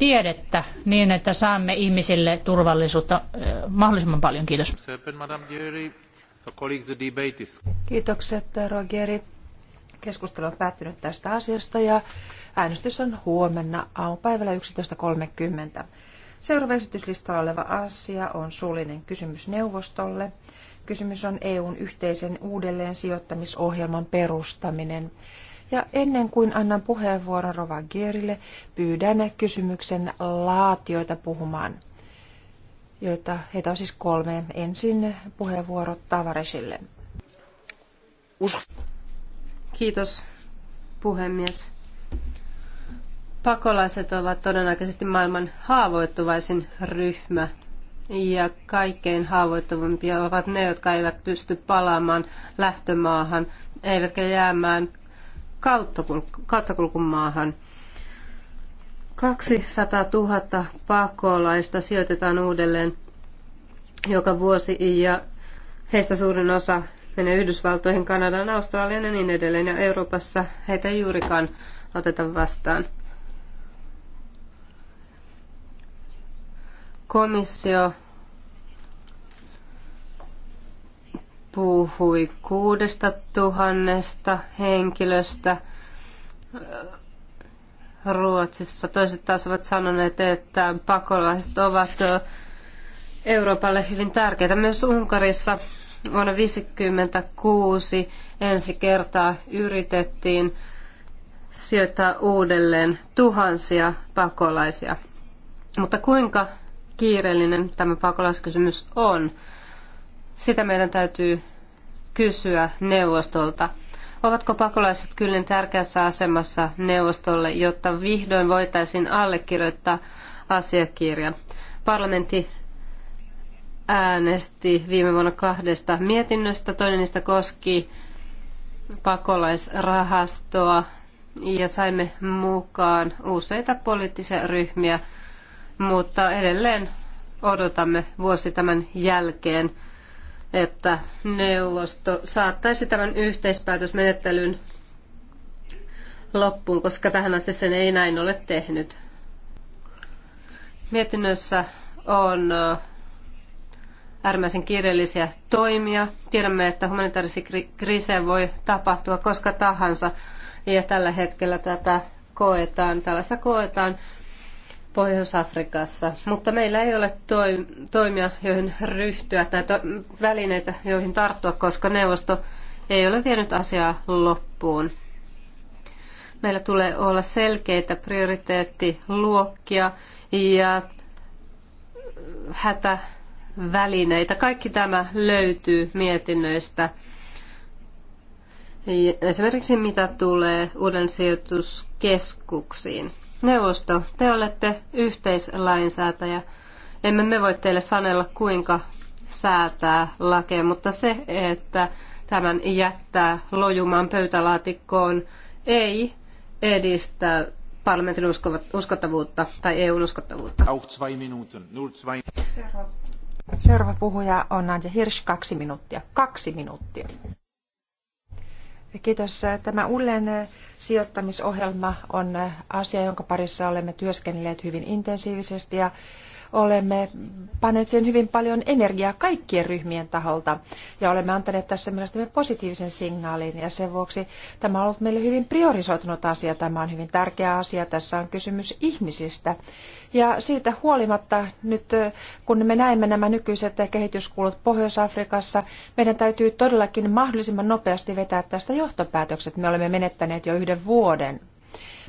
tiedettä niin, että saamme ihmisille turvallisuutta mahdollisimman paljon. Kiitos. Kiitokset, eh, Rogeri. Keskustelu on päättynyt tästä asiasta ja äänestys on huomenna aamupäivällä 11.30. Seuraava esityslistalla oleva asia on suullinen kysymys neuvostolle. Kysymys on EUn yhteisen uudelleen perustaminen. Ja ennen kuin annan puheenvuoron Rova Gierille, pyydän kysymyksen laatioita puhumaan, joita heitä on siis kolme. Ensin puheenvuoro Tavaresille. Kiitos, puhemies. Pakolaiset ovat todennäköisesti maailman haavoittuvaisin ryhmä ja kaikkein haavoittuvimpia ovat ne, jotka eivät pysty palaamaan lähtömaahan, eivätkä jäämään kauttakulkumaahan. 200 000 pakolaista sijoitetaan uudelleen joka vuosi ja heistä suurin osa menee Yhdysvaltoihin, Kanadaan, Australiaan ja niin edelleen. Ja Euroopassa heitä ei juurikaan oteta vastaan. Komissio puhui kuudesta tuhannesta henkilöstä Ruotsissa. Toiset taas ovat sanoneet, että pakolaiset ovat Euroopalle hyvin tärkeitä. Myös Unkarissa vuonna 1956 ensi kertaa yritettiin sijoittaa uudelleen tuhansia pakolaisia. Mutta kuinka kiireellinen tämä pakolaiskysymys on? Sitä meidän täytyy kysyä neuvostolta. Ovatko pakolaiset kyllin tärkeässä asemassa neuvostolle, jotta vihdoin voitaisiin allekirjoittaa asiakirja? Parlamentti äänesti viime vuonna kahdesta mietinnöstä. Toinen niistä koski pakolaisrahastoa ja saimme mukaan useita poliittisia ryhmiä, mutta edelleen odotamme vuosi tämän jälkeen että neuvosto saattaisi tämän yhteispäätösmenettelyn loppuun, koska tähän asti sen ei näin ole tehnyt. Mietinnössä on äärimmäisen kiireellisiä toimia. Tiedämme, että humanitaarisia kriisejä voi tapahtua koska tahansa, ja tällä hetkellä tätä koetaan, tällaista koetaan Pohjois-Afrikassa, mutta meillä ei ole toimia, joihin ryhtyä tai välineitä, joihin tarttua, koska neuvosto ei ole vienyt asiaa loppuun. Meillä tulee olla selkeitä prioriteettiluokkia ja hätävälineitä. Kaikki tämä löytyy mietinnöistä. Esimerkiksi mitä tulee uuden sijoituskeskuksiin. Neuvosto, te olette yhteislainsäätäjä. Emme me voi teille sanella, kuinka säätää lakeja, mutta se, että tämän jättää lojumaan pöytälaatikkoon, ei edistä parlamentin uskottavuutta tai EUn uskottavuutta. Seuraava puhuja on Nadja Hirsch, kaksi minuuttia. Kaksi minuuttia. Kiitos. Tämä Ullen sijoittamisohjelma on asia, jonka parissa olemme työskennelleet hyvin intensiivisesti ja olemme panneet siihen hyvin paljon energiaa kaikkien ryhmien taholta ja olemme antaneet tässä mielestäni positiivisen signaalin ja sen vuoksi tämä on ollut meille hyvin priorisoitunut asia. Tämä on hyvin tärkeä asia. Tässä on kysymys ihmisistä. Ja siitä huolimatta nyt, kun me näemme nämä nykyiset kehityskulut Pohjois-Afrikassa, meidän täytyy todellakin mahdollisimman nopeasti vetää tästä johtopäätökset. Me olemme menettäneet jo yhden vuoden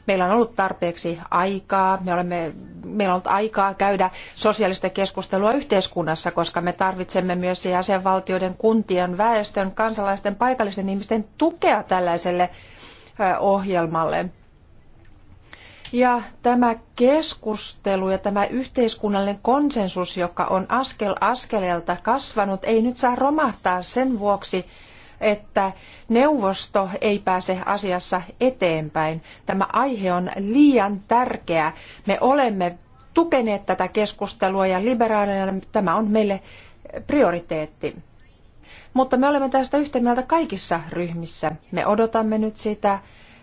Meillä on ollut tarpeeksi aikaa, me olemme, meillä on ollut aikaa käydä sosiaalista keskustelua yhteiskunnassa, koska me tarvitsemme myös jäsenvaltioiden, kuntien, väestön, kansalaisten, paikallisten ihmisten tukea tällaiselle ohjelmalle. Ja tämä keskustelu ja tämä yhteiskunnallinen konsensus, joka on askel askeleelta kasvanut, ei nyt saa romahtaa sen vuoksi, että neuvosto ei pääse asiassa eteenpäin. Tämä aihe on liian tärkeä. Me olemme tukeneet tätä keskustelua ja liberaaleina tämä on meille prioriteetti. Mutta me olemme tästä yhtä mieltä kaikissa ryhmissä. Me odotamme nyt sitä,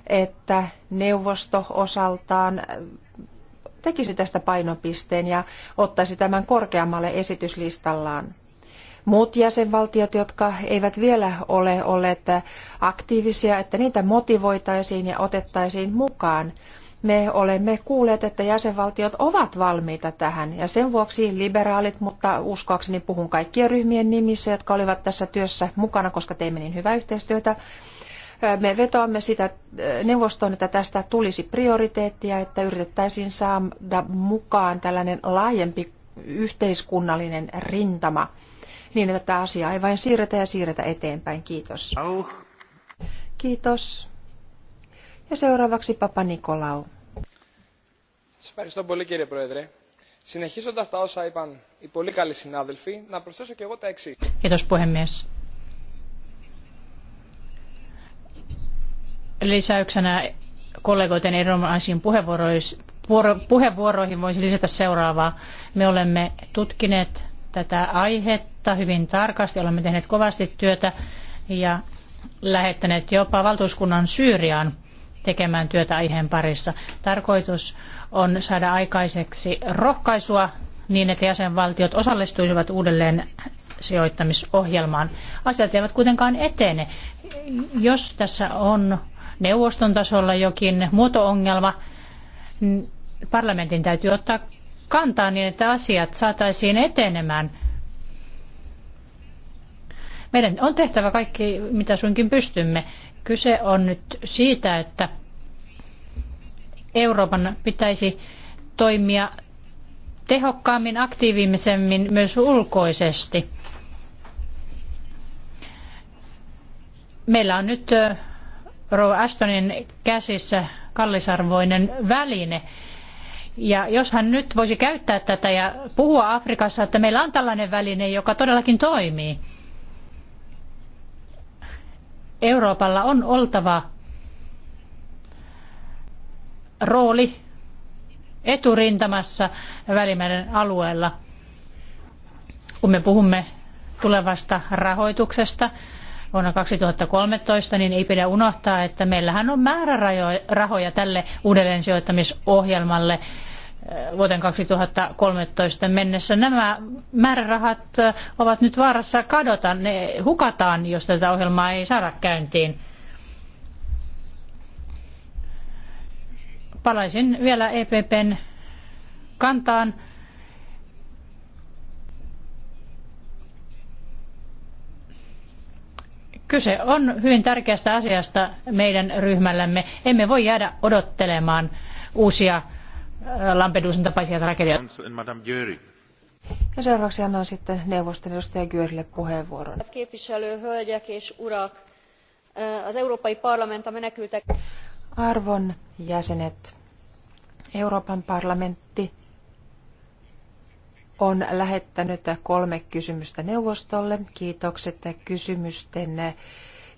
että neuvosto osaltaan tekisi tästä painopisteen ja ottaisi tämän korkeammalle esityslistallaan muut jäsenvaltiot, jotka eivät vielä ole olleet aktiivisia, että niitä motivoitaisiin ja otettaisiin mukaan. Me olemme kuulleet, että jäsenvaltiot ovat valmiita tähän ja sen vuoksi liberaalit, mutta uskoakseni puhun kaikkien ryhmien nimissä, jotka olivat tässä työssä mukana, koska teimme niin hyvää yhteistyötä. Me vetoamme sitä äh, neuvostoon, että tästä tulisi prioriteettia, että yritettäisiin saada mukaan tällainen laajempi yhteiskunnallinen rintama – niin, että tätä asiaa ei vain siirretä ja siirretä eteenpäin. Kiitos. Kiitos. Ja seuraavaksi Papa Nikolau. Ευχαριστώ Puhemies. Lisäyksenä kollegoiden erinomaisiin puheenvuoroihin voisi lisätä seuraavaa. Me olemme tutkineet tätä aihetta hyvin tarkasti. Olemme tehneet kovasti työtä ja lähettäneet jopa valtuuskunnan Syyriaan tekemään työtä aiheen parissa. Tarkoitus on saada aikaiseksi rohkaisua niin, että jäsenvaltiot osallistuisivat uudelleen sijoittamisohjelmaan. Asiat eivät kuitenkaan etene. Jos tässä on neuvoston tasolla jokin muotoongelma, parlamentin täytyy ottaa kantaa niin, että asiat saataisiin etenemään. Meidän on tehtävä kaikki, mitä suinkin pystymme. Kyse on nyt siitä, että Euroopan pitäisi toimia tehokkaammin, aktiivisemmin myös ulkoisesti. Meillä on nyt Rova Astonin käsissä kallisarvoinen väline, ja jos hän nyt voisi käyttää tätä ja puhua Afrikassa, että meillä on tällainen väline, joka todellakin toimii. Euroopalla on oltava rooli eturintamassa Välimeren alueella. Kun me puhumme tulevasta rahoituksesta vuonna 2013, niin ei pidä unohtaa, että meillähän on määrärahoja tälle uudelleensijoittamisohjelmalle vuoteen 2013 mennessä. Nämä määrärahat ovat nyt vaarassa kadota, ne hukataan, jos tätä ohjelmaa ei saada käyntiin. Palaisin vielä EPPn kantaan. Kyse on hyvin tärkeästä asiasta meidän ryhmällämme. Emme voi jäädä odottelemaan uusia Lampedusan tapaisia tragedioita. Ja seuraavaksi annan sitten neuvoston edustaja Györille puheenvuoron. Arvon jäsenet, Euroopan parlamentti on lähettänyt kolme kysymystä neuvostolle. Kiitokset kysymysten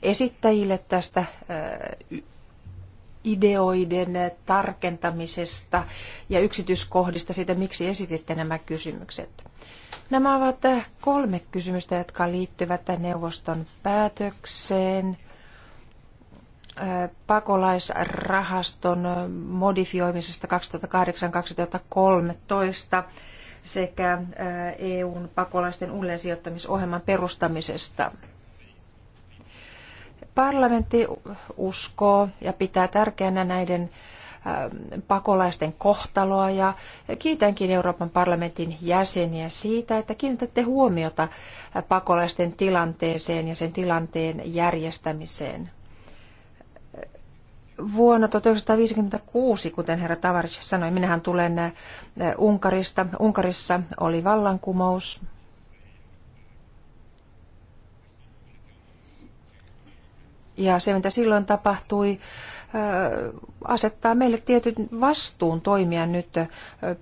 esittäjille tästä ideoiden tarkentamisesta ja yksityiskohdista siitä, miksi esititte nämä kysymykset. Nämä ovat kolme kysymystä, jotka liittyvät neuvoston päätökseen, pakolaisrahaston modifioimisesta 2008-2013 sekä EUn pakolaisten uudelleensijoittamisohjelman perustamisesta – Parlamentti uskoo ja pitää tärkeänä näiden ähm, pakolaisten kohtaloa ja kiitänkin Euroopan parlamentin jäseniä siitä, että kiinnitätte huomiota äh, pakolaisten tilanteeseen ja sen tilanteen järjestämiseen. Vuonna 1956, kuten herra Tavaric sanoi, minähän tulen äh, Unkarista. Unkarissa oli vallankumous, Ja se, mitä silloin tapahtui, asettaa meille tietyn vastuun toimia nyt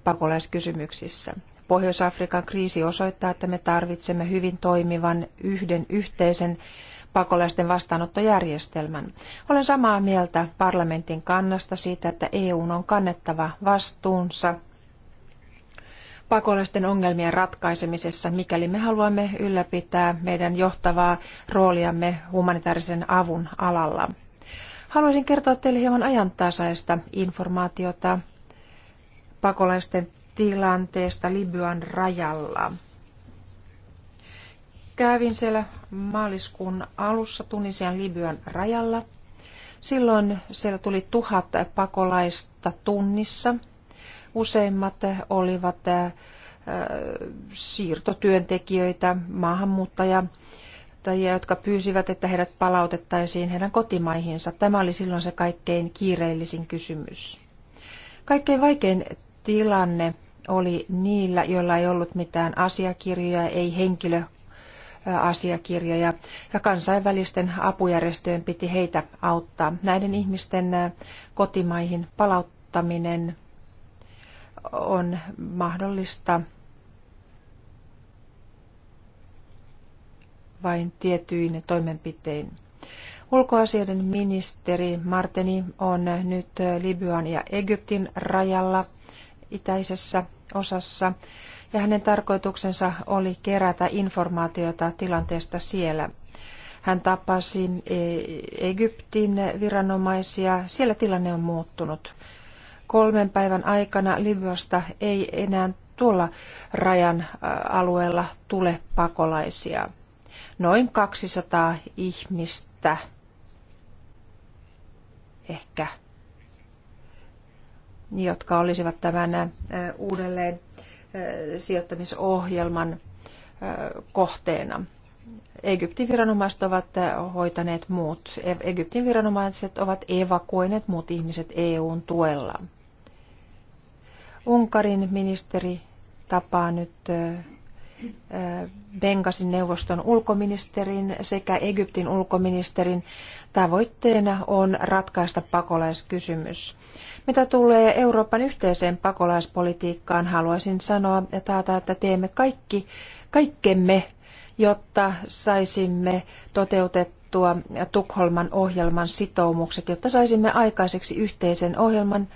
pakolaiskysymyksissä. Pohjois-Afrikan kriisi osoittaa, että me tarvitsemme hyvin toimivan yhden yhteisen pakolaisten vastaanottojärjestelmän. Olen samaa mieltä parlamentin kannasta siitä, että EU on kannettava vastuunsa – pakolaisten ongelmien ratkaisemisessa, mikäli me haluamme ylläpitää meidän johtavaa rooliamme humanitaarisen avun alalla. Haluaisin kertoa teille hieman ajantasaista informaatiota pakolaisten tilanteesta Libyan rajalla. Kävin siellä maaliskuun alussa Tunisian Libyan rajalla. Silloin siellä tuli tuhat pakolaista tunnissa – Useimmat olivat äh, siirtotyöntekijöitä, maahanmuuttajia, jotka pyysivät, että heidät palautettaisiin heidän kotimaihinsa. Tämä oli silloin se kaikkein kiireellisin kysymys. Kaikkein vaikein tilanne oli niillä, joilla ei ollut mitään asiakirjoja, ei henkilöasiakirjoja, äh, ja kansainvälisten apujärjestöjen piti heitä auttaa. Näiden ihmisten äh, kotimaihin palauttaminen on mahdollista vain tietyin toimenpitein. Ulkoasioiden ministeri Marteni on nyt Libyan ja Egyptin rajalla itäisessä osassa ja hänen tarkoituksensa oli kerätä informaatiota tilanteesta siellä. Hän tapasi e- Egyptin viranomaisia. Siellä tilanne on muuttunut kolmen päivän aikana Libyasta ei enää tuolla rajan alueella tule pakolaisia. Noin 200 ihmistä ehkä, jotka olisivat tämän uudelleen sijoittamisohjelman kohteena. Egyptin viranomaiset ovat hoitaneet muut. Egyptin viranomaiset ovat evakuoineet muut ihmiset EUn tuella. Unkarin ministeri tapaa nyt Bengasin neuvoston ulkoministerin sekä Egyptin ulkoministerin tavoitteena on ratkaista pakolaiskysymys. Mitä tulee Euroopan yhteiseen pakolaispolitiikkaan, haluaisin sanoa ja taata, että teemme kaikki, kaikkemme, jotta saisimme toteutettua Tukholman ohjelman sitoumukset, jotta saisimme aikaiseksi yhteisen ohjelman,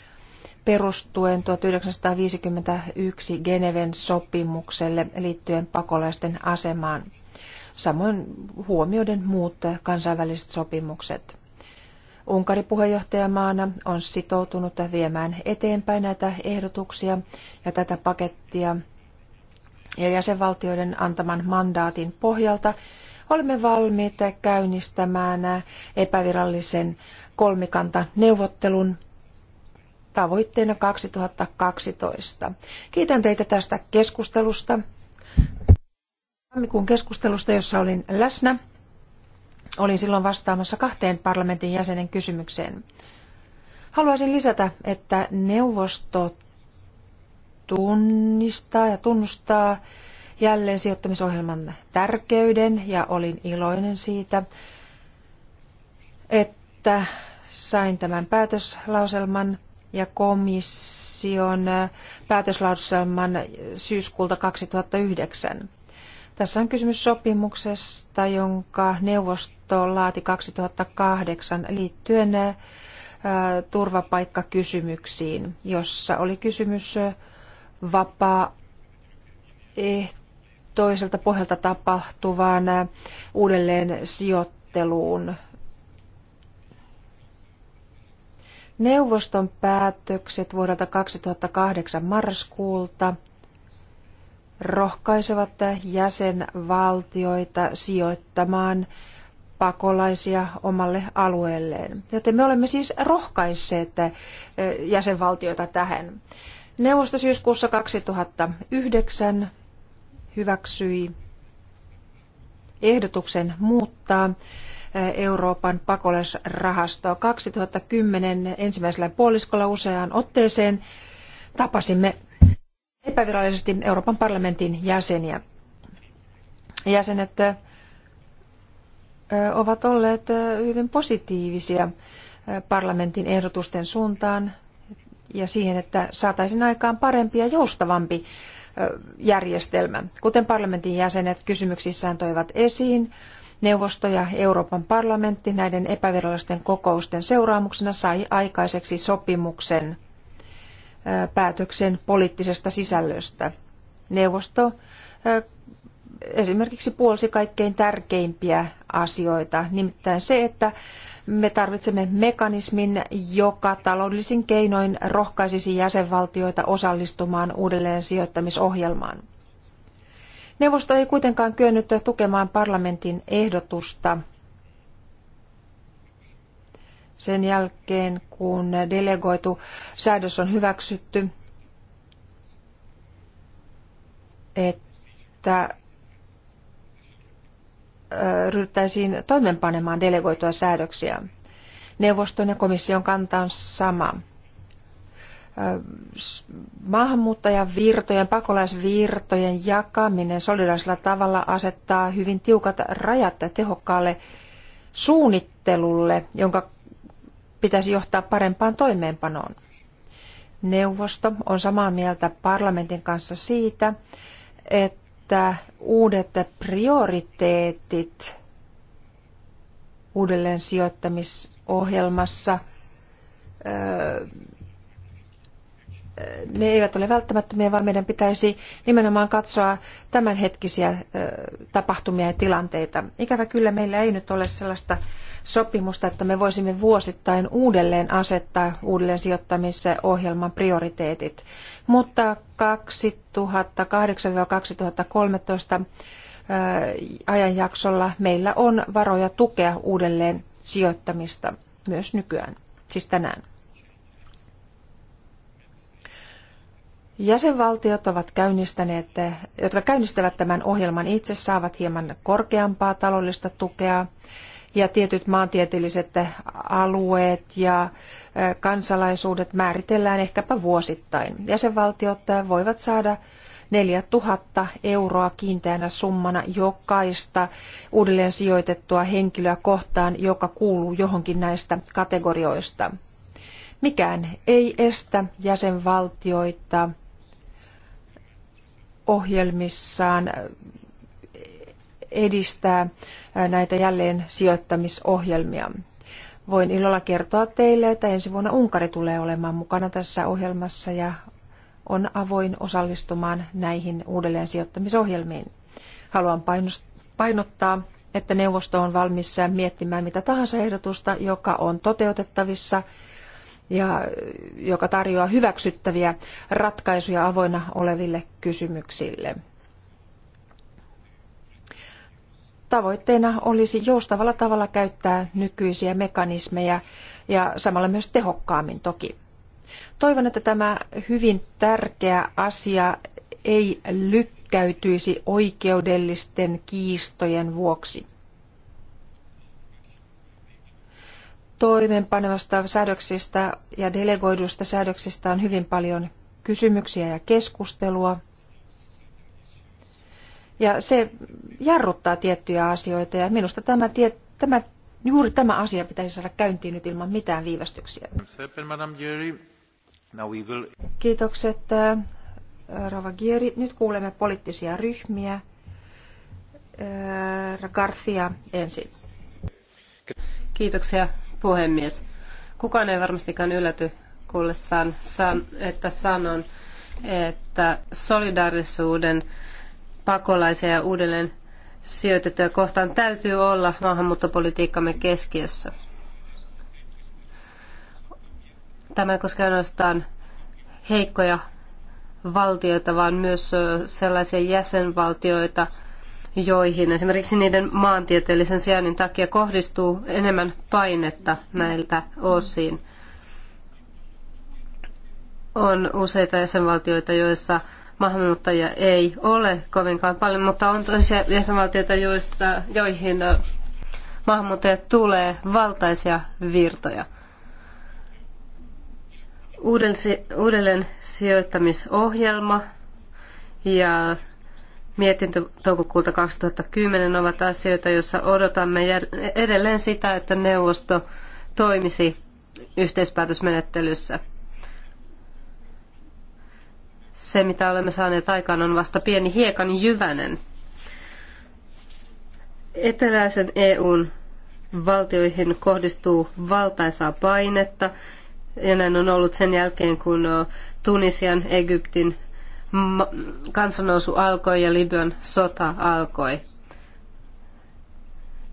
perustuen 1951 Geneven sopimukselle liittyen pakolaisten asemaan, samoin huomioiden muut kansainväliset sopimukset. Unkari puheenjohtajamaana on sitoutunut viemään eteenpäin näitä ehdotuksia ja tätä pakettia ja jäsenvaltioiden antaman mandaatin pohjalta olemme valmiita käynnistämään epävirallisen kolmikanta neuvottelun tavoitteena 2012. Kiitän teitä tästä keskustelusta. Tammikuun keskustelusta, jossa olin läsnä, olin silloin vastaamassa kahteen parlamentin jäsenen kysymykseen. Haluaisin lisätä, että neuvosto tunnistaa ja tunnustaa jälleen sijoittamisohjelman tärkeyden ja olin iloinen siitä, että sain tämän päätöslauselman – ja komission päätöslauselman syyskuulta 2009. Tässä on kysymys sopimuksesta, jonka neuvosto laati 2008 liittyen turvapaikkakysymyksiin, jossa oli kysymys vapaa eh, toiselta pohjalta tapahtuvaan uudelleen sijoitteluun Neuvoston päätökset vuodelta 2008 marraskuulta rohkaisevat jäsenvaltioita sijoittamaan pakolaisia omalle alueelleen. Joten me olemme siis rohkaisseet eh, jäsenvaltioita tähän. Neuvosto syyskuussa 2009 hyväksyi ehdotuksen muuttaa Euroopan pakolaisrahastoa. 2010 ensimmäisellä puoliskolla useaan otteeseen tapasimme epävirallisesti Euroopan parlamentin jäseniä. Jäsenet ovat olleet hyvin positiivisia parlamentin ehdotusten suuntaan ja siihen, että saataisiin aikaan parempi ja joustavampi järjestelmä. Kuten parlamentin jäsenet kysymyksissään toivat esiin, Neuvosto ja Euroopan parlamentti näiden epävirallisten kokousten seuraamuksena sai aikaiseksi sopimuksen päätöksen poliittisesta sisällöstä. Neuvosto esimerkiksi puolsi kaikkein tärkeimpiä asioita, nimittäin se, että me tarvitsemme mekanismin, joka taloudellisin keinoin rohkaisisi jäsenvaltioita osallistumaan uudelleen sijoittamisohjelmaan. Neuvosto ei kuitenkaan kyennyt tukemaan parlamentin ehdotusta sen jälkeen, kun delegoitu säädös on hyväksytty, että ryhdyttäisiin toimeenpanemaan delegoitua säädöksiä. Neuvoston ja komission kanta on sama maahanmuuttajavirtojen, pakolaisvirtojen jakaminen solidaarisella tavalla asettaa hyvin tiukat rajat tehokkaalle suunnittelulle, jonka pitäisi johtaa parempaan toimeenpanoon. Neuvosto on samaa mieltä parlamentin kanssa siitä, että uudet prioriteetit uudelleen sijoittamisohjelmassa ne eivät ole välttämättömiä, vaan meidän pitäisi nimenomaan katsoa tämänhetkisiä tapahtumia ja tilanteita. Ikävä kyllä meillä ei nyt ole sellaista sopimusta, että me voisimme vuosittain uudelleen asettaa uudelleen ohjelman prioriteetit. Mutta 2008-2013 ajanjaksolla meillä on varoja tukea uudelleen sijoittamista myös nykyään, siis tänään. Jäsenvaltiot ovat käynnistäneet, jotka käynnistävät tämän ohjelman itse, saavat hieman korkeampaa taloudellista tukea ja tietyt maantieteelliset alueet ja kansalaisuudet määritellään ehkäpä vuosittain. Jäsenvaltiot voivat saada 4000 euroa kiinteänä summana jokaista uudelleen sijoitettua henkilöä kohtaan, joka kuuluu johonkin näistä kategorioista. Mikään ei estä jäsenvaltioita ohjelmissaan edistää näitä jälleen sijoittamisohjelmia. Voin ilolla kertoa teille, että ensi vuonna Unkari tulee olemaan mukana tässä ohjelmassa ja on avoin osallistumaan näihin uudelleen sijoittamisohjelmiin. Haluan painottaa, että neuvosto on valmis miettimään mitä tahansa ehdotusta, joka on toteutettavissa – ja joka tarjoaa hyväksyttäviä ratkaisuja avoinna oleville kysymyksille. Tavoitteena olisi joustavalla tavalla käyttää nykyisiä mekanismeja ja samalla myös tehokkaammin toki. Toivon, että tämä hyvin tärkeä asia ei lykkäytyisi oikeudellisten kiistojen vuoksi. toimeenpanevasta säädöksistä ja delegoidusta säädöksistä on hyvin paljon kysymyksiä ja keskustelua. Ja se jarruttaa tiettyjä asioita ja minusta tämä, tie, tämä, juuri tämä asia pitäisi saada käyntiin nyt ilman mitään viivästyksiä. Kiitokset äh, Rava Gieri. Nyt kuulemme poliittisia ryhmiä. Äh, Garcia ensin. Kiitoksia puhemies. Kukaan ei varmastikaan ylläty kuullessaan, että sanon, että solidaarisuuden pakolaisia ja uudelleen sijoitettuja kohtaan täytyy olla maahanmuuttopolitiikkamme keskiössä. Tämä ei koske ainoastaan heikkoja valtioita, vaan myös sellaisia jäsenvaltioita, joihin esimerkiksi niiden maantieteellisen sijainnin takia kohdistuu enemmän painetta näiltä osin. On useita jäsenvaltioita, joissa maahanmuuttajia ei ole kovinkaan paljon, mutta on toisia jäsenvaltioita, joissa, joihin maahanmuuttajat tulee valtaisia virtoja. Uudelleen sijoittamisohjelma ja mietintö toukokuulta 2010 ovat asioita, joissa odotamme edelleen sitä, että neuvosto toimisi yhteispäätösmenettelyssä. Se, mitä olemme saaneet aikaan, on vasta pieni hiekan jyvänen. Eteläisen EUn valtioihin kohdistuu valtaisaa painetta, ja näin on ollut sen jälkeen, kun Tunisian, Egyptin, kansannousu alkoi ja Libyan sota alkoi.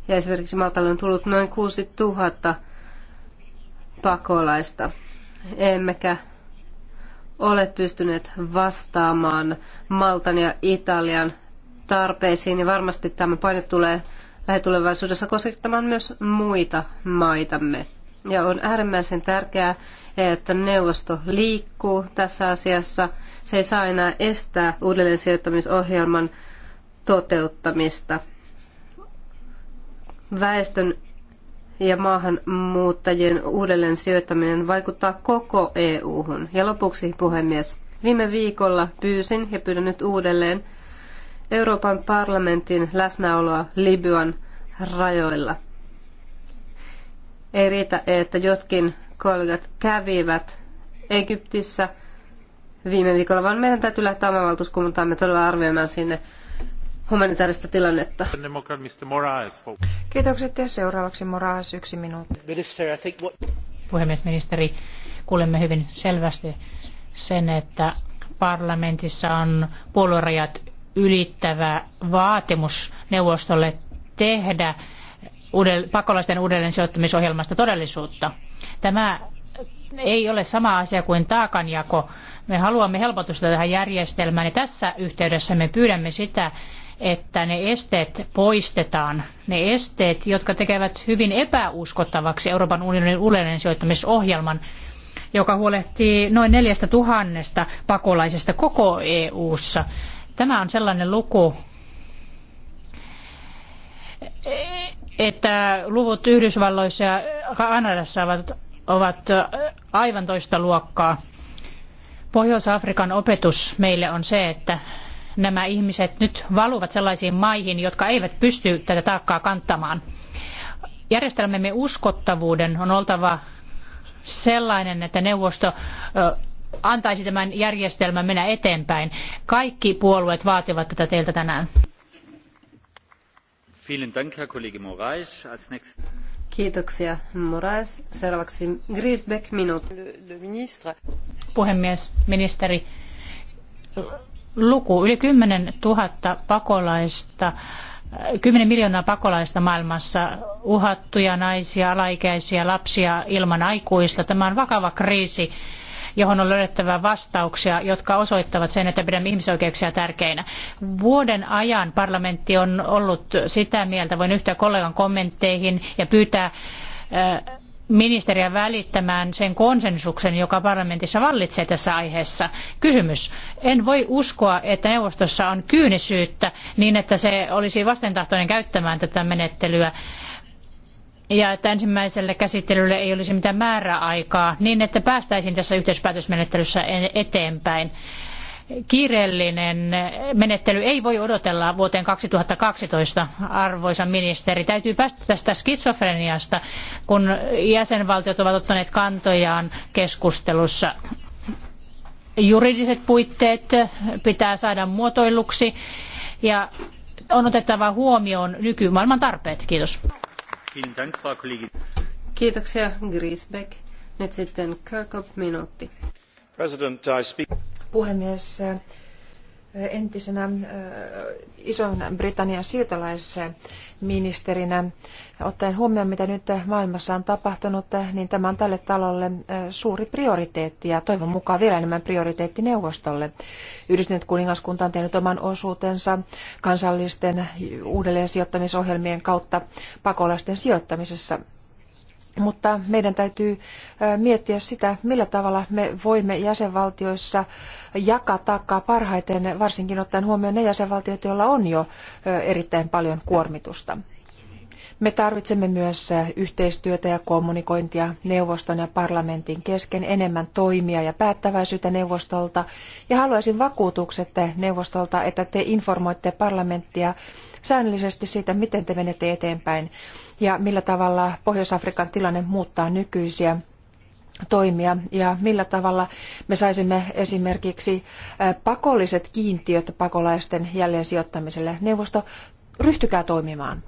Ja esimerkiksi Maltalle on tullut noin 6000 pakolaista. Emmekä ole pystyneet vastaamaan Maltan ja Italian tarpeisiin ja varmasti tämä paine tulee lähitulevaisuudessa koskettamaan myös muita maitamme. Ja on äärimmäisen tärkeää, että neuvosto liikkuu tässä asiassa. Se ei saa enää estää uudelleen sijoittamisohjelman toteuttamista. Väestön ja maahanmuuttajien uudelleen sijoittaminen vaikuttaa koko EU-hun. Ja lopuksi, puhemies, viime viikolla pyysin ja pyydän nyt uudelleen Euroopan parlamentin läsnäoloa Libyan rajoilla. Ei riitä, että jotkin kollegat kävivät Egyptissä viime viikolla, vaan meidän täytyy lähteä oman valtuuskuntaamme todella arvioimaan sinne humanitaarista tilannetta. Kiitokset ja seuraavaksi Moraes yksi minuutti. Puhemies ministeri, kuulemme hyvin selvästi sen, että parlamentissa on puoluerajat ylittävä vaatimus neuvostolle tehdä pakolaisten uudelleensijoittamisohjelmasta todellisuutta. Tämä ei ole sama asia kuin taakanjako. Me haluamme helpotusta tähän järjestelmään ja tässä yhteydessä me pyydämme sitä, että ne esteet poistetaan. Ne esteet, jotka tekevät hyvin epäuskottavaksi Euroopan unionin uudelleensijoittamisohjelman, joka huolehtii noin neljästä tuhannesta pakolaisesta koko EU:ssa. Tämä on sellainen luku, että luvut Yhdysvalloissa ja Kanadassa ovat, ovat äh, aivan toista luokkaa. Pohjois-Afrikan opetus meille on se, että nämä ihmiset nyt valuvat sellaisiin maihin, jotka eivät pysty tätä taakkaa kantamaan. Järjestelmämme uskottavuuden on oltava sellainen, että neuvosto äh, antaisi tämän järjestelmän mennä eteenpäin. Kaikki puolueet vaativat tätä teiltä tänään. Kiitoksia, Moraes. Seuraavaksi Grisbeck, minuutti. Puhemies, ministeri, luku yli 10 000 pakolaista, 10 äh, miljoonaa pakolaista maailmassa, uhattuja naisia, alaikäisiä, lapsia ilman aikuista. Tämä on vakava kriisi johon on löydettävä vastauksia, jotka osoittavat sen, että pidämme ihmisoikeuksia tärkeinä. Vuoden ajan parlamentti on ollut sitä mieltä, voin yhtyä kollegan kommentteihin ja pyytää ministeriä välittämään sen konsensuksen, joka parlamentissa vallitsee tässä aiheessa. Kysymys. En voi uskoa, että neuvostossa on kyynisyyttä niin, että se olisi vastentahtoinen käyttämään tätä menettelyä ja että ensimmäiselle käsittelylle ei olisi mitään määräaikaa, niin että päästäisiin tässä yhteispäätösmenettelyssä eteenpäin. Kiireellinen menettely ei voi odotella vuoteen 2012, arvoisa ministeri. Täytyy päästä tästä skitsofreniasta, kun jäsenvaltiot ovat ottaneet kantojaan keskustelussa. Juridiset puitteet pitää saada muotoilluksi ja on otettava huomioon nykymaailman tarpeet. Kiitos. Kiitoksia, Griesbeck. Nyt sitten Kirkhope, minuutti. President, I speak... Puhemies, äh, entisenä äh, ison Britannian siirtolaisen ministerinä. Ottaen huomioon, mitä nyt maailmassa on tapahtunut, niin tämä on tälle talolle suuri prioriteetti ja toivon mukaan vielä enemmän prioriteetti neuvostolle. Yhdistynyt kuningaskunta on tehnyt oman osuutensa kansallisten uudelleen sijoittamisohjelmien kautta pakolaisten sijoittamisessa mutta meidän täytyy miettiä sitä, millä tavalla me voimme jäsenvaltioissa jakaa taakkaa parhaiten, varsinkin ottaen huomioon ne jäsenvaltiot, joilla on jo erittäin paljon kuormitusta. Me tarvitsemme myös äh, yhteistyötä ja kommunikointia neuvoston ja parlamentin kesken, enemmän toimia ja päättäväisyyttä neuvostolta. Ja haluaisin vakuutukset äh, neuvostolta, että te informoitte parlamenttia säännöllisesti siitä, miten te menette eteenpäin ja millä tavalla Pohjois-Afrikan tilanne muuttaa nykyisiä toimia ja millä tavalla me saisimme esimerkiksi äh, pakolliset kiintiöt pakolaisten jälleen sijoittamiselle. Neuvosto, ryhtykää toimimaan.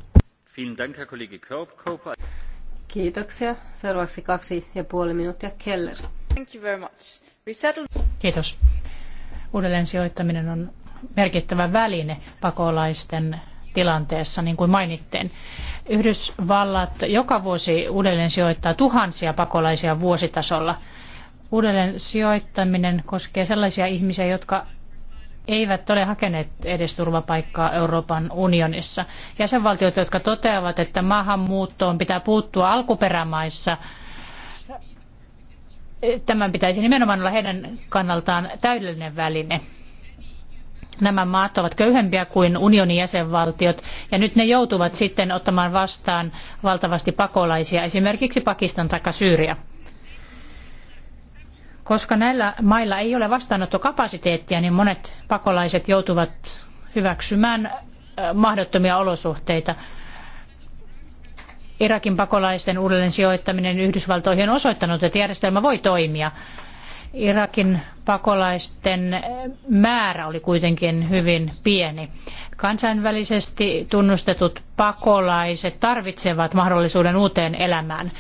Kiitoksia. Seuraavaksi kaksi ja puoli minuuttia Thank you very much. Kiitos. sijoittaminen on merkittävä väline pakolaisten tilanteessa, niin kuin mainittiin. Yhdysvallat joka vuosi uudelleensijoittaa sijoittaa tuhansia pakolaisia vuositasolla. Uudelleensijoittaminen sijoittaminen koskee sellaisia ihmisiä, jotka eivät ole hakeneet edes turvapaikkaa Euroopan unionissa. Jäsenvaltiot, jotka toteavat, että maahanmuuttoon pitää puuttua alkuperämaissa, tämän pitäisi nimenomaan olla heidän kannaltaan täydellinen väline. Nämä maat ovat köyhempiä kuin unionin jäsenvaltiot ja nyt ne joutuvat sitten ottamaan vastaan valtavasti pakolaisia, esimerkiksi Pakistan tai Syyria. Koska näillä mailla ei ole vastaanottokapasiteettia, niin monet pakolaiset joutuvat hyväksymään mahdottomia olosuhteita. Irakin pakolaisten uudelleen sijoittaminen Yhdysvaltoihin on osoittanut, että järjestelmä voi toimia. Irakin pakolaisten määrä oli kuitenkin hyvin pieni. Kansainvälisesti tunnustetut pakolaiset tarvitsevat mahdollisuuden uuteen elämään.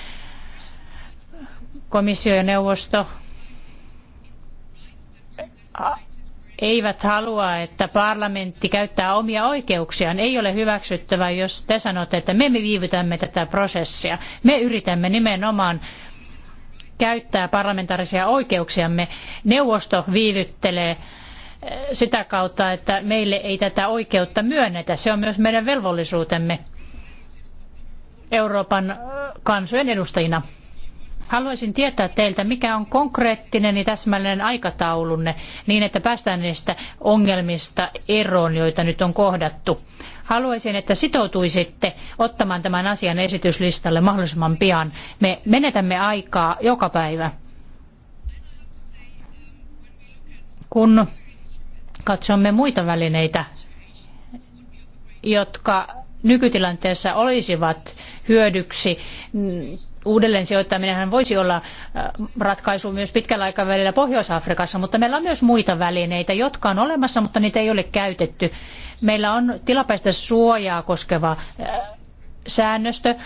Komissio ja neuvosto eivät halua, että parlamentti käyttää omia oikeuksiaan. Ei ole hyväksyttävää, jos te sanotte, että me viivytämme tätä prosessia. Me yritämme nimenomaan käyttää parlamentaarisia oikeuksiamme. Neuvosto viivyttelee eh, sitä kautta, että meille ei tätä oikeutta myönnetä. Se on myös meidän velvollisuutemme Euroopan eh, kansojen edustajina. Haluaisin tietää teiltä, mikä on konkreettinen ja täsmällinen aikataulunne niin, että päästään niistä ongelmista eroon, joita nyt on kohdattu. Haluaisin, että sitoutuisitte ottamaan tämän asian esityslistalle mahdollisimman pian. Me menetämme aikaa joka päivä. Kun katsomme muita välineitä, jotka nykytilanteessa olisivat hyödyksi uudelleen sijoittaminenhan voisi olla äh, ratkaisu myös pitkällä aikavälillä Pohjois-Afrikassa, mutta meillä on myös muita välineitä, jotka on olemassa, mutta niitä ei ole käytetty. Meillä on tilapäistä suojaa koskeva äh, säännöstö. Äh,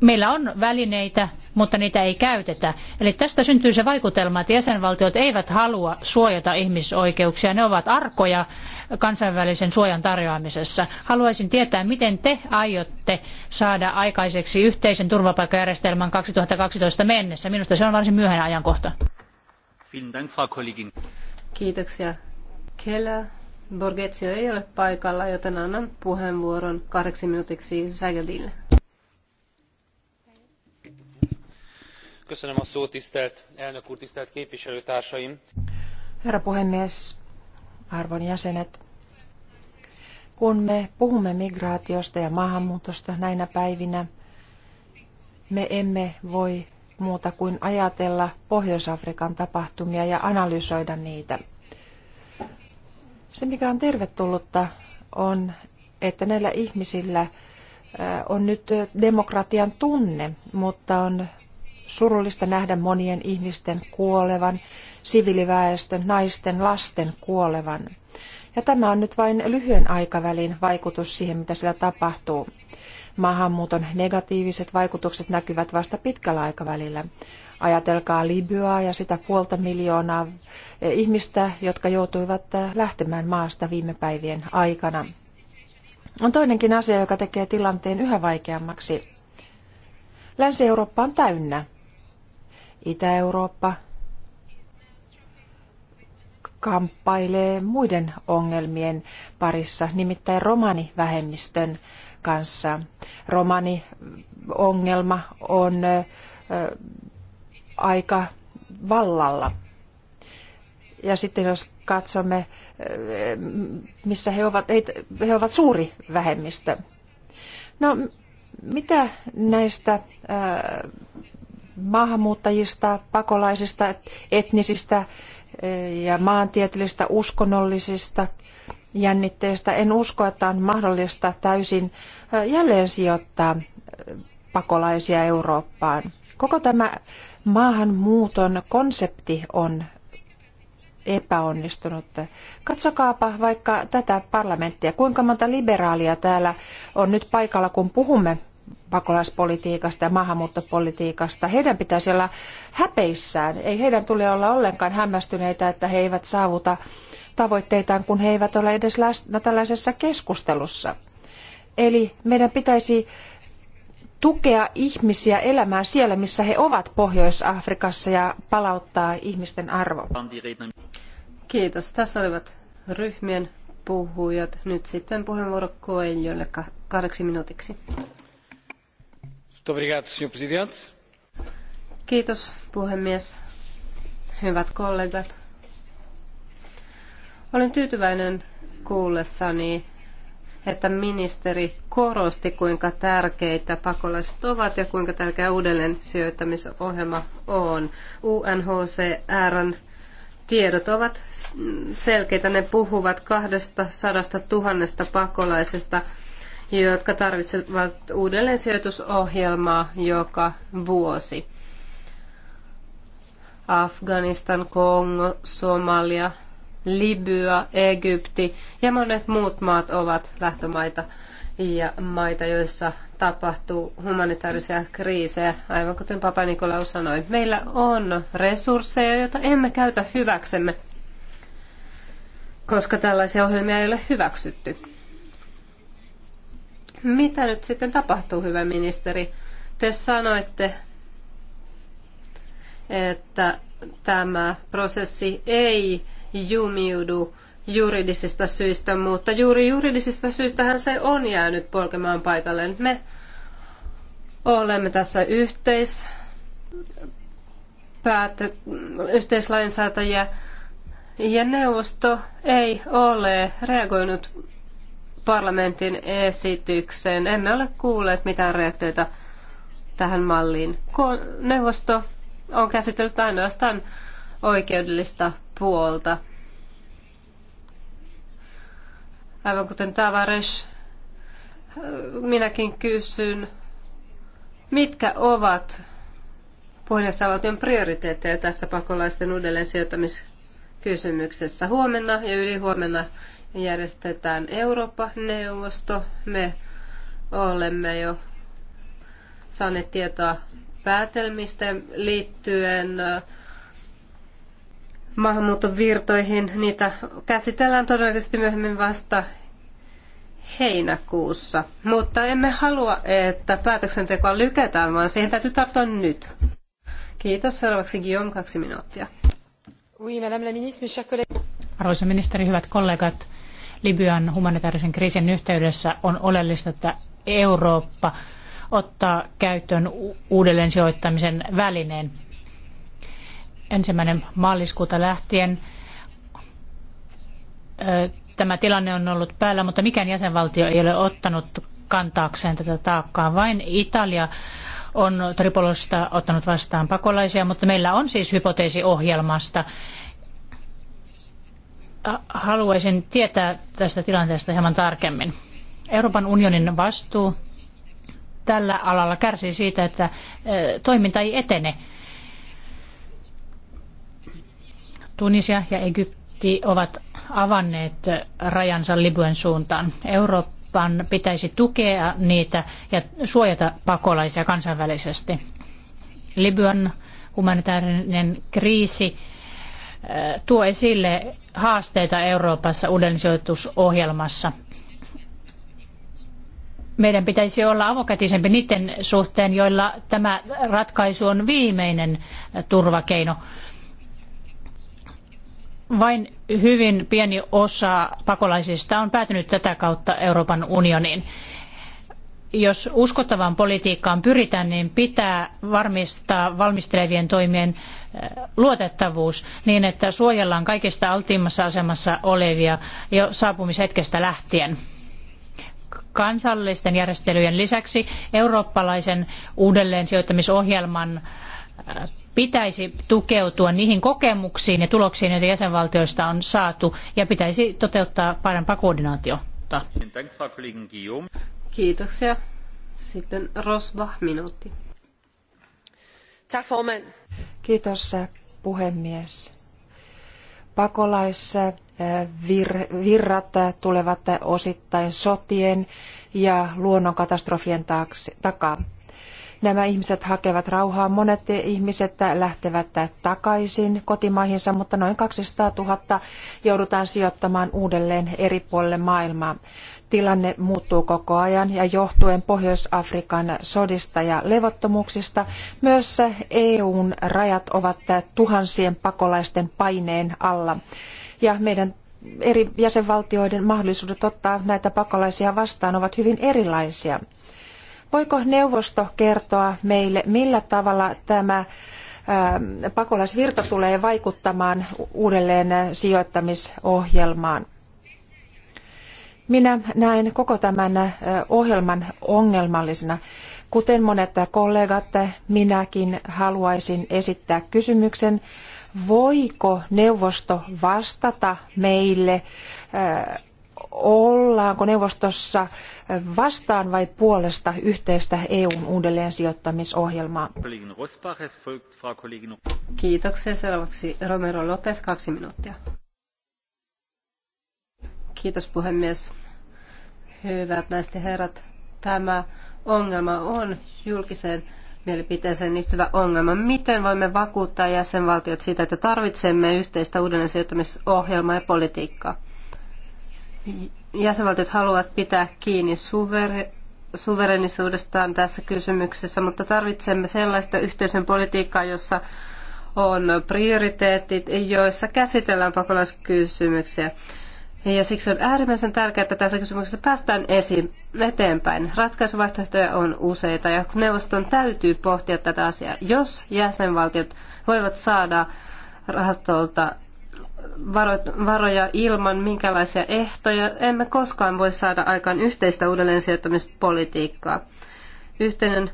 meillä on välineitä, mutta niitä ei käytetä. Eli tästä syntyy se vaikutelma, että jäsenvaltiot eivät halua suojata ihmisoikeuksia. Ne ovat arkoja kansainvälisen suojan tarjoamisessa. Haluaisin tietää, miten te aiotte saada aikaiseksi yhteisen turvapaikkajärjestelmän 2012 mennessä. Minusta se on varsin myöhäinen ajankohta. Kiitoksia. Kela Borgetsio ei ole paikalla, joten annan puheenvuoron kahdeksi minuutiksi sägedille. tisztelt elnök úr tisztelt képviselőtársaim! herra puhemies arvon jäsenet kun me puhumme migraatiosta ja maahanmuutosta näinä päivinä me emme voi muuta kuin ajatella pohjois afrikan tapahtumia ja analysoida niitä. se mikä on tervetullutta on että näillä ihmisillä on nyt demokratian tunne, mutta on surullista nähdä monien ihmisten kuolevan, siviiliväestön, naisten, lasten kuolevan. Ja tämä on nyt vain lyhyen aikavälin vaikutus siihen, mitä siellä tapahtuu. Maahanmuuton negatiiviset vaikutukset näkyvät vasta pitkällä aikavälillä. Ajatelkaa Libyaa ja sitä puolta miljoonaa eh, ihmistä, jotka joutuivat eh, lähtemään maasta viime päivien aikana. On toinenkin asia, joka tekee tilanteen yhä vaikeammaksi. Länsi-Eurooppa on täynnä Itä-Eurooppa kamppailee muiden ongelmien parissa, nimittäin romanivähemmistön kanssa. Romani ongelma on aika vallalla. Ja sitten jos katsomme, missä he ovat, he ovat suuri vähemmistö. No, mitä näistä maahanmuuttajista, pakolaisista, etnisistä e, ja maantieteellisistä uskonnollisista jännitteistä. En usko, että on mahdollista täysin e, jälleen sijoittaa e, pakolaisia Eurooppaan. Koko tämä maahanmuuton konsepti on epäonnistunut. Katsokaapa vaikka tätä parlamenttia. Kuinka monta liberaalia täällä on nyt paikalla, kun puhumme pakolaispolitiikasta ja maahanmuuttopolitiikasta. Heidän pitäisi olla häpeissään. Ei heidän tule olla ollenkaan hämmästyneitä, että he eivät saavuta tavoitteitaan, kun he eivät ole edes läsnä tällaisessa keskustelussa. Eli meidän pitäisi tukea ihmisiä elämään siellä, missä he ovat Pohjois-Afrikassa ja palauttaa ihmisten arvo. Kiitos. Tässä olivat ryhmien puhujat. Nyt sitten puheenvuoro Koejolle kahdeksi minuutiksi. Kiitos puhemies. Hyvät kollegat. Olin tyytyväinen kuullessani, että ministeri korosti, kuinka tärkeitä pakolaiset ovat ja kuinka tärkeä uudelleen sijoittamisohjelma on. UNHCRn tiedot ovat selkeitä. Ne puhuvat 200 000 pakolaisesta jotka tarvitsevat uudelleen sijoitusohjelmaa joka vuosi. Afganistan, Kongo, Somalia, Libya, Egypti ja monet muut maat ovat lähtömaita ja maita, joissa tapahtuu humanitaarisia kriisejä, aivan kuten Papa Nikolaus sanoi. Meillä on resursseja, joita emme käytä hyväksemme, koska tällaisia ohjelmia ei ole hyväksytty. Mitä nyt sitten tapahtuu, hyvä ministeri? Te sanoitte, että tämä prosessi ei jumiudu juridisista syistä, mutta juuri juridisista syistähän se on jäänyt polkemaan paikalleen. Me olemme tässä yhteis päätö, yhteislainsäätäjiä ja neuvosto ei ole reagoinut parlamentin esitykseen. Emme ole kuulleet mitään reaktioita tähän malliin. Neuvosto on käsitellyt ainoastaan oikeudellista puolta. Aivan kuten Tavares, minäkin kysyn, mitkä ovat puheenjohtajavaltion prioriteetteja tässä pakolaisten uudelleen sijoittamiskysymyksessä. Huomenna ja ylihuomenna järjestetään Eurooppa-neuvosto. Me olemme jo saaneet tietoa päätelmistä liittyen maahanmuuton virtoihin. Niitä käsitellään todennäköisesti myöhemmin vasta heinäkuussa. Mutta emme halua, että päätöksentekoa lykätään, vaan siihen täytyy tarttua nyt. Kiitos. Seuraavaksi Guillaume, kaksi minuuttia. Oui, madame la ministre, mes chers collègues. Arvoisa ministeri, hyvät kollegat. Libyan humanitaarisen kriisin yhteydessä on oleellista, että Eurooppa ottaa käyttöön uudelleen sijoittamisen välineen. Ensimmäinen maaliskuuta lähtien tämä tilanne on ollut päällä, mutta mikään jäsenvaltio ei ole ottanut kantaakseen tätä taakkaa. Vain Italia on Tripolosta ottanut vastaan pakolaisia, mutta meillä on siis hypoteesi ohjelmasta, haluaisin tietää tästä tilanteesta hieman tarkemmin. Euroopan unionin vastuu tällä alalla kärsii siitä, että e, toiminta ei etene. Tunisia ja Egypti ovat avanneet rajansa Libyen suuntaan. Euroopan pitäisi tukea niitä ja suojata pakolaisia kansainvälisesti. Libyan humanitaarinen kriisi tuo esille haasteita Euroopassa uudellisijoitusohjelmassa. Meidän pitäisi olla avokätisempi niiden suhteen, joilla tämä ratkaisu on viimeinen turvakeino. Vain hyvin pieni osa pakolaisista on päätynyt tätä kautta Euroopan unioniin jos uskottavaan politiikkaan pyritään, niin pitää varmistaa valmistelevien toimien eh, luotettavuus niin, että suojellaan kaikista alttiimmassa asemassa olevia jo saapumishetkestä lähtien. Kansallisten järjestelyjen lisäksi eurooppalaisen uudelleensijoittamisohjelman eh, pitäisi tukeutua niihin kokemuksiin ja tuloksiin, joita jäsenvaltioista on saatu, ja pitäisi toteuttaa parempaa koordinaatiota. Kiitoksia. Sitten Rosba, minuutti. Kiitos eh, puhemies. Pakolaisvirrat eh, eh, tulevat osittain sotien ja luonnonkatastrofien takaa. Nämä ihmiset hakevat rauhaa. Monet ihmiset lähtevät takaisin kotimaihinsa, mutta noin 200 000 joudutaan sijoittamaan uudelleen eri puolille maailmaa tilanne muuttuu koko ajan ja johtuen Pohjois-Afrikan sodista ja levottomuuksista myös EUn rajat ovat tuhansien pakolaisten paineen alla. Ja meidän eri jäsenvaltioiden mahdollisuudet ottaa näitä pakolaisia vastaan ovat hyvin erilaisia. Voiko neuvosto kertoa meille, millä tavalla tämä ähm, pakolaisvirta tulee vaikuttamaan uudelleen sijoittamisohjelmaan? Minä näen koko tämän ohjelman ongelmallisena. Kuten monet kollegat, minäkin haluaisin esittää kysymyksen, voiko neuvosto vastata meille, ollaanko neuvostossa vastaan vai puolesta yhteistä EUn uudelleen sijoittamisohjelmaa? Kiitoksia. Seuraavaksi Romero Lopez, kaksi minuuttia. Kiitos puhemies. Hyvät naiset ja herrat, tämä ongelma on julkiseen mielipiteeseen liittyvä ongelma. Miten voimme vakuuttaa jäsenvaltiot siitä, että tarvitsemme yhteistä uudelleen sijoittamisohjelmaa ja politiikkaa? Jäsenvaltiot haluavat pitää kiinni suver- suverenisuudestaan tässä kysymyksessä, mutta tarvitsemme sellaista yhteisön politiikkaa, jossa on prioriteetit, joissa käsitellään pakolaiskysymyksiä. Ja siksi on äärimmäisen tärkeää, että tässä kysymyksessä päästään esiin, eteenpäin. Ratkaisuvaihtoehtoja on useita ja neuvoston täytyy pohtia tätä asiaa, jos jäsenvaltiot voivat saada rahastolta varoja ilman minkälaisia ehtoja, emme koskaan voi saada aikaan yhteistä uudelleensijoittamispolitiikkaa. Yhteinen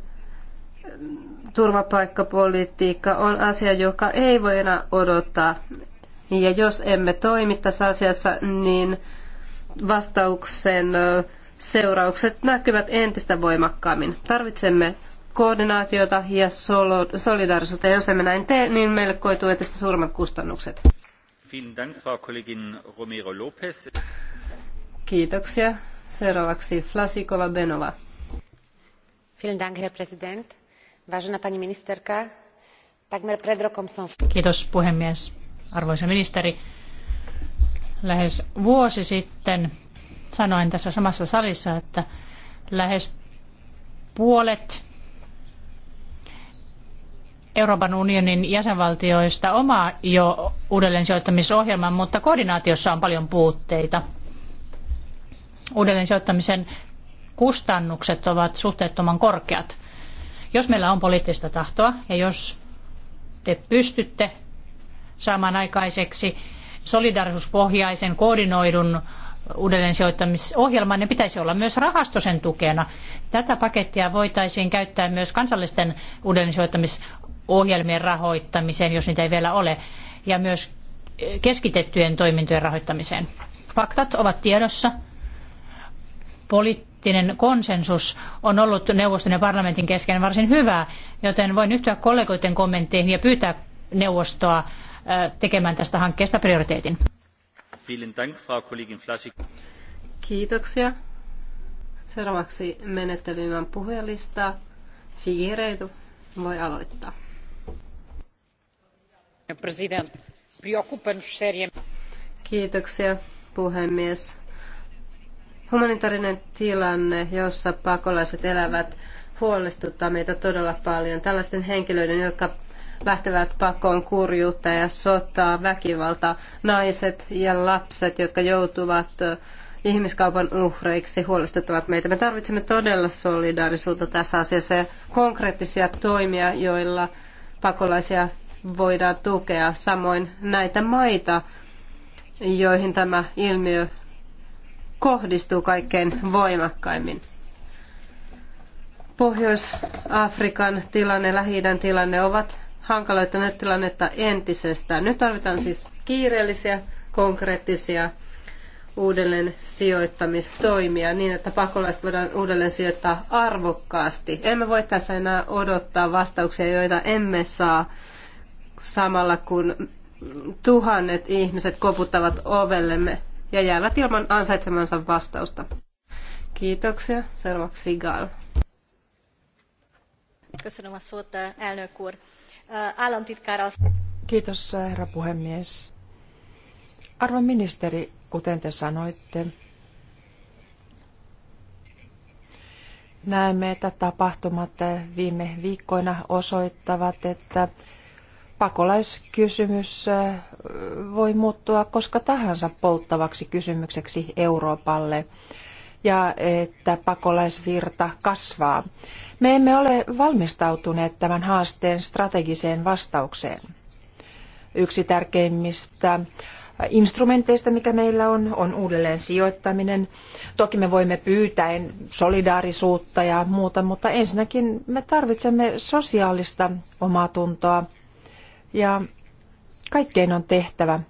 turvapaikkapolitiikka on asia, joka ei voi enää odottaa. Ja jos emme toimi tässä asiassa, niin vastauksen seuraukset näkyvät entistä voimakkaammin. Tarvitsemme koordinaatiota ja solidaarisuutta. Jos emme näin tee, niin meille koituu entistä suuremmat kustannukset. Kiitoksia. Seuraavaksi Flasikova Benova. Kiitos puhemies arvoisa ministeri. Lähes vuosi sitten sanoin tässä samassa salissa, että lähes puolet Euroopan unionin jäsenvaltioista omaa jo uudelleensijoittamisohjelman, mutta koordinaatiossa on paljon puutteita. Uudelleensijoittamisen kustannukset ovat suhteettoman korkeat. Jos meillä on poliittista tahtoa ja jos te pystytte saamaan aikaiseksi solidarisuuspohjaisen koordinoidun uudelleensijoittamisohjelman, ne pitäisi olla myös rahasto sen tukena. Tätä pakettia voitaisiin käyttää myös kansallisten uudelleensijoittamisohjelmien rahoittamiseen, jos niitä ei vielä ole, ja myös keskitettyjen toimintojen rahoittamiseen. Faktat ovat tiedossa. Poliittinen konsensus on ollut neuvoston ja parlamentin kesken varsin hyvää, joten voin yhtyä kollegoiden kommentteihin ja pyytää neuvostoa tekemään tästä hankkeesta prioriteetin. Kiitoksia. Seuraavaksi menettelymän puhujalistaa. Figueiredo voi aloittaa. Kiitoksia puhemies. Humanitaarinen tilanne, jossa pakolaiset elävät, huolestuttaa meitä todella paljon. Tällaisten henkilöiden, jotka lähtevät pakoon kurjuutta ja sotaa, väkivalta naiset ja lapset, jotka joutuvat ihmiskaupan uhreiksi huolestuttavat meitä. Me tarvitsemme todella solidaarisuutta tässä asiassa ja konkreettisia toimia, joilla pakolaisia voidaan tukea. Samoin näitä maita, joihin tämä ilmiö kohdistuu kaikkein voimakkaimmin. Pohjois-Afrikan tilanne, lähi tilanne ovat hankaloittaneet tilannetta entisestään. Nyt tarvitaan siis kiireellisiä, konkreettisia uudelleen sijoittamistoimia niin, että pakolaiset voidaan uudelleen sijoittaa arvokkaasti. Emme voi tässä enää odottaa vastauksia, joita emme saa samalla kun tuhannet ihmiset koputtavat ovellemme ja jäävät ilman ansaitsemansa vastausta. Kiitoksia. Seuraavaksi Gal. Köszönöm a szót, elnök úr államtitkára. Kiitos, herra puhemies. Arvon ministeri, kuten te sanoitte, näemme, että tapahtumat viime viikkoina osoittavat, että pakolaiskysymys voi muuttua koska tahansa polttavaksi kysymykseksi Euroopalle – ja että pakolaisvirta kasvaa. Me emme ole valmistautuneet tämän haasteen strategiseen vastaukseen. Yksi tärkeimmistä instrumenteista, mikä meillä on, on uudelleen sijoittaminen. Toki me voimme pyytää solidaarisuutta ja muuta, mutta ensinnäkin me tarvitsemme sosiaalista omaatuntoa ja kaikkein on tehtävä,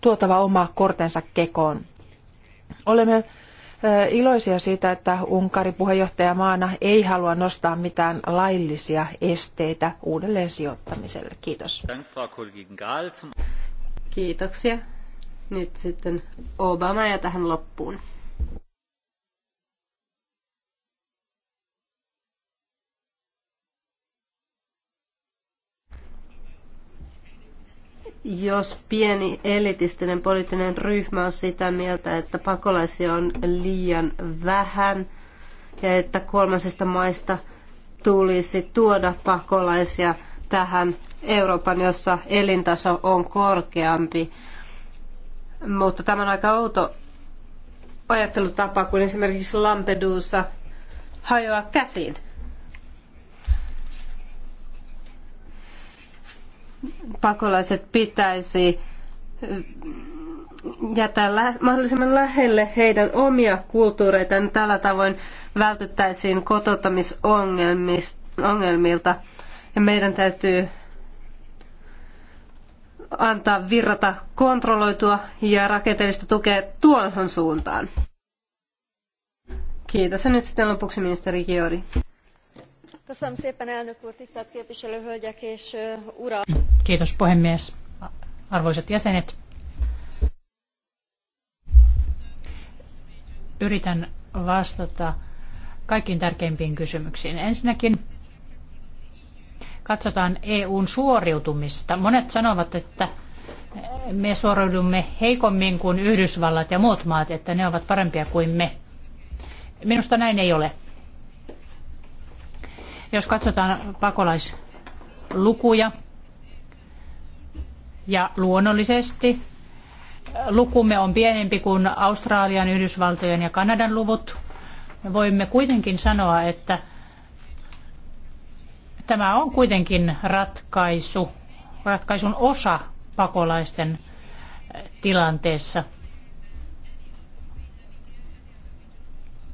tuotava oma kortensa kekoon. Olemme iloisia siitä, että Unkari puheenjohtajamaana ei halua nostaa mitään laillisia esteitä uudelleen sijoittamiselle. Kiitos. Kiitoksia. Nyt sitten Obama ja tähän loppuun. jos pieni elitistinen poliittinen ryhmä on sitä mieltä, että pakolaisia on liian vähän ja että kolmansista maista tulisi tuoda pakolaisia tähän Euroopan, jossa elintaso on korkeampi. Mutta tämä on aika outo ajattelutapa, kun esimerkiksi Lampedusa hajoaa käsiin. pakolaiset pitäisi jättää lä- mahdollisimman lähelle heidän omia kulttuureitaan. Tällä tavoin vältyttäisiin kotouttamisongelmilta. Ja meidän täytyy antaa virrata kontrolloitua ja rakenteellista tukea tuohon suuntaan. Kiitos. Ja nyt sitten lopuksi ministeri Giori. Kiitos puhemies. Arvoisat jäsenet. Yritän vastata kaikkiin tärkeimpiin kysymyksiin. Ensinnäkin katsotaan EUn suoriutumista. Monet sanovat, että me suoriudumme heikommin kuin Yhdysvallat ja muut maat, että ne ovat parempia kuin me. Minusta näin ei ole. Jos katsotaan pakolaislukuja, ja luonnollisesti lukumme on pienempi kuin Australian, Yhdysvaltojen ja Kanadan luvut. Me voimme kuitenkin sanoa, että tämä on kuitenkin ratkaisu, ratkaisun osa pakolaisten eh, tilanteessa.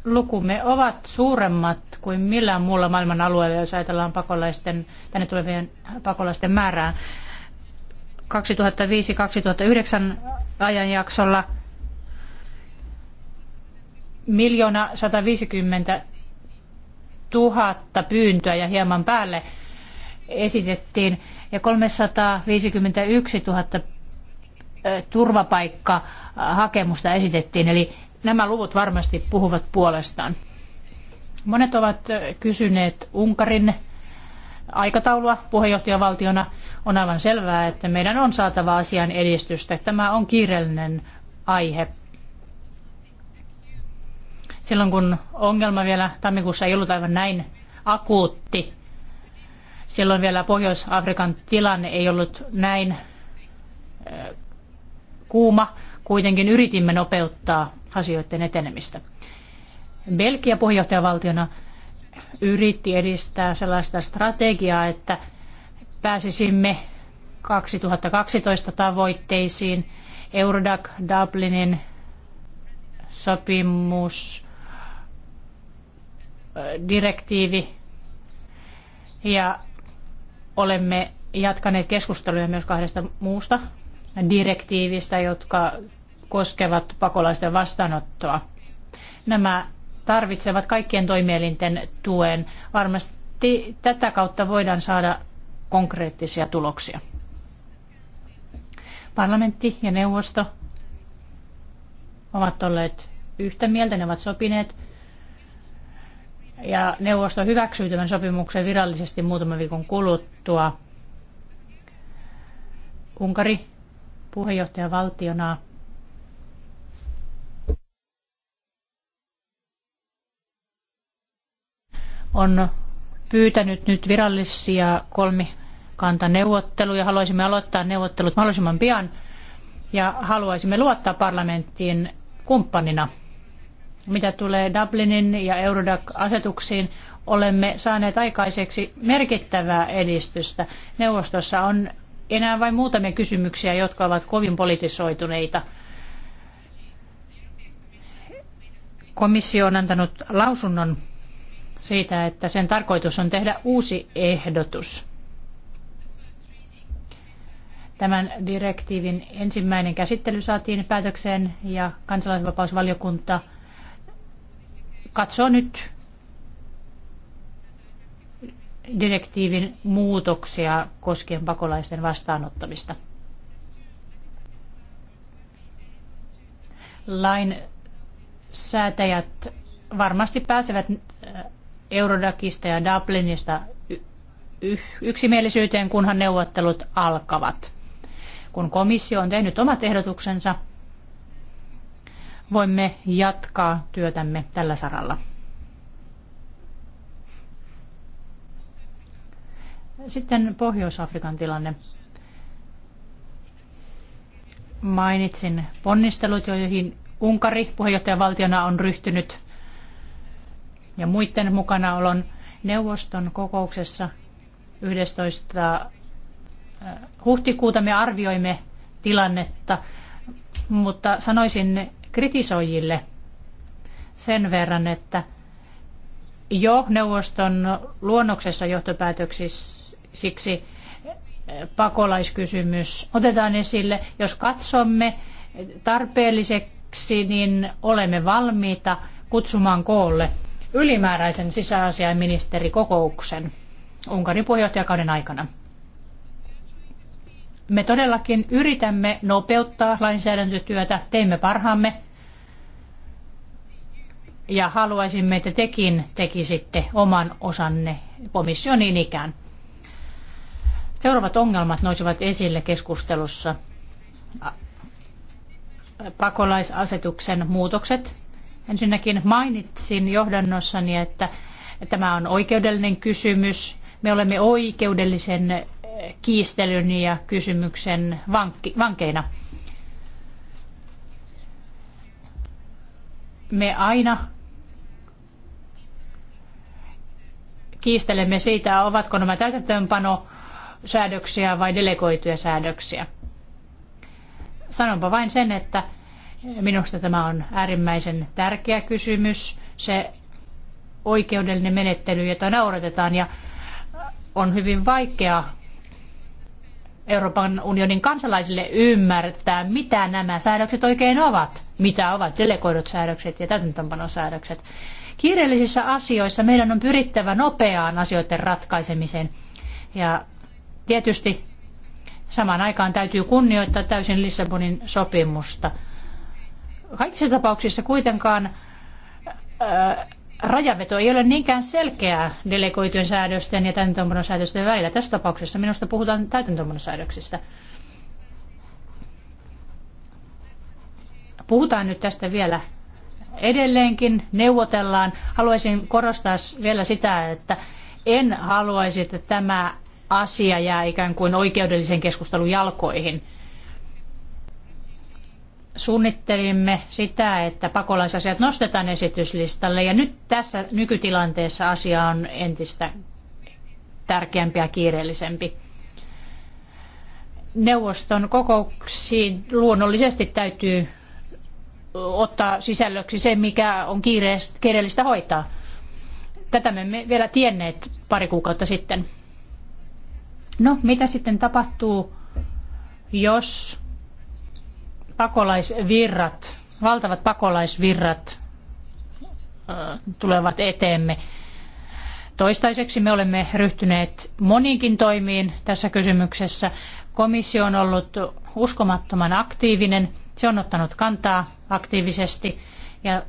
Lukumme ovat suuremmat kuin millään muulla maailman alueella, jos ajatellaan pakolaisten, tänne tulevien pakolaisten määrää. 2005-2009 ajanjaksolla miljoona 150 tuhatta pyyntöä ja hieman päälle esitettiin ja 351 000 turvapaikkahakemusta esitettiin. Eli nämä luvut varmasti puhuvat puolestaan. Monet ovat kysyneet Unkarin aikataulua puheenjohtajavaltiona. On aivan selvää, että meidän on saatava asian edistystä. Tämä on kiireellinen aihe. Silloin kun ongelma vielä tammikuussa ei ollut aivan näin akuutti, silloin vielä Pohjois-Afrikan tilanne ei ollut näin kuuma, kuitenkin yritimme nopeuttaa asioiden etenemistä. Belgia puheenjohtajavaltiona yritti edistää sellaista strategiaa, että pääsisimme 2012 tavoitteisiin. Eurodac Dublinin sopimus, direktiivi ja olemme jatkaneet keskusteluja myös kahdesta muusta direktiivistä, jotka koskevat pakolaisten vastaanottoa. Nämä tarvitsevat kaikkien toimielinten tuen. Varmasti tätä kautta voidaan saada konkreettisia tuloksia. Parlamentti ja neuvosto ovat olleet yhtä mieltä, ne ovat sopineet. Ja neuvosto hyväksyy tämän sopimuksen virallisesti muutaman viikon kuluttua. Unkari puheenjohtajavaltiona valtiona on pyytänyt nyt virallisia kolmikantaneuvotteluja. Haluaisimme aloittaa neuvottelut mahdollisimman pian ja haluaisimme luottaa parlamenttiin kumppanina. Mitä tulee Dublinin ja Eurodac-asetuksiin, olemme saaneet aikaiseksi merkittävää edistystä. Neuvostossa on enää vain muutamia kysymyksiä, jotka ovat kovin politisoituneita. Komissio on antanut lausunnon siitä, että sen tarkoitus on tehdä uusi ehdotus. Tämän direktiivin ensimmäinen käsittely saatiin päätökseen ja kansalaisvapausvaliokunta katsoo nyt direktiivin muutoksia koskien pakolaisten vastaanottamista. Lain säätäjät varmasti pääsevät Eurodakista ja Dublinista yksimielisyyteen, kunhan neuvottelut alkavat. Kun komissio on tehnyt omat ehdotuksensa, voimme jatkaa työtämme tällä saralla. Sitten Pohjois-Afrikan tilanne. Mainitsin ponnistelut, joihin Unkari puheenjohtajavaltiona on ryhtynyt ja muiden mukanaolon neuvoston kokouksessa 11. huhtikuuta me arvioimme tilannetta, mutta sanoisin kritisoijille sen verran, että jo neuvoston luonnoksessa johtopäätöksiksi pakolaiskysymys otetaan esille. Jos katsomme tarpeelliseksi, niin olemme valmiita kutsumaan koolle ylimääräisen sisäasiainministerikokouksen Unkarin puheenjohtajakauden aikana. Me todellakin yritämme nopeuttaa lainsäädäntötyötä, teemme parhaamme ja haluaisimme, että tekin tekisitte oman osanne komission niin ikään. Seuraavat ongelmat nousivat esille keskustelussa. Pakolaisasetuksen muutokset, Ensinnäkin mainitsin johdannossani, että tämä on oikeudellinen kysymys. Me olemme oikeudellisen kiistelyn ja kysymyksen vankeina. Me aina kiistelemme siitä, ovatko nämä täytäntöönpano säädöksiä vai delegoituja säädöksiä. Sanonpa vain sen, että Minusta tämä on äärimmäisen tärkeä kysymys. Se oikeudellinen menettely, jota noudatetaan ja on hyvin vaikea Euroopan unionin kansalaisille ymmärtää, mitä nämä säädökset oikein ovat, mitä ovat delegoidut säädökset ja täytäntöönpanosäädökset. Kiireellisissä asioissa meidän on pyrittävä nopeaan asioiden ratkaisemiseen. Ja tietysti samaan aikaan täytyy kunnioittaa täysin Lissabonin sopimusta – Kaikissa tapauksissa kuitenkaan rajanveto ei ole niinkään selkeää delegoitujen säädösten ja täytäntöönpanon säädösten välillä. Tässä tapauksessa minusta puhutaan täytäntöönpanon säädöksistä. Puhutaan nyt tästä vielä edelleenkin, neuvotellaan. Haluaisin korostaa vielä sitä, että en haluaisi, että tämä asia jää ikään kuin oikeudellisen keskustelun jalkoihin – suunnittelimme sitä, että pakolaisasiat nostetaan esityslistalle ja nyt tässä nykytilanteessa asia on entistä tärkeämpi ja kiireellisempi. Neuvoston kokouksiin luonnollisesti täytyy ottaa sisällöksi se, mikä on kiireellistä hoitaa. Tätä me emme vielä tienneet pari kuukautta sitten. No, mitä sitten tapahtuu, jos pakolaisvirrat, valtavat pakolaisvirrat tulevat eteemme. Toistaiseksi me olemme ryhtyneet moniinkin toimiin tässä kysymyksessä. Komissio on ollut uskomattoman aktiivinen. Se on ottanut kantaa aktiivisesti ja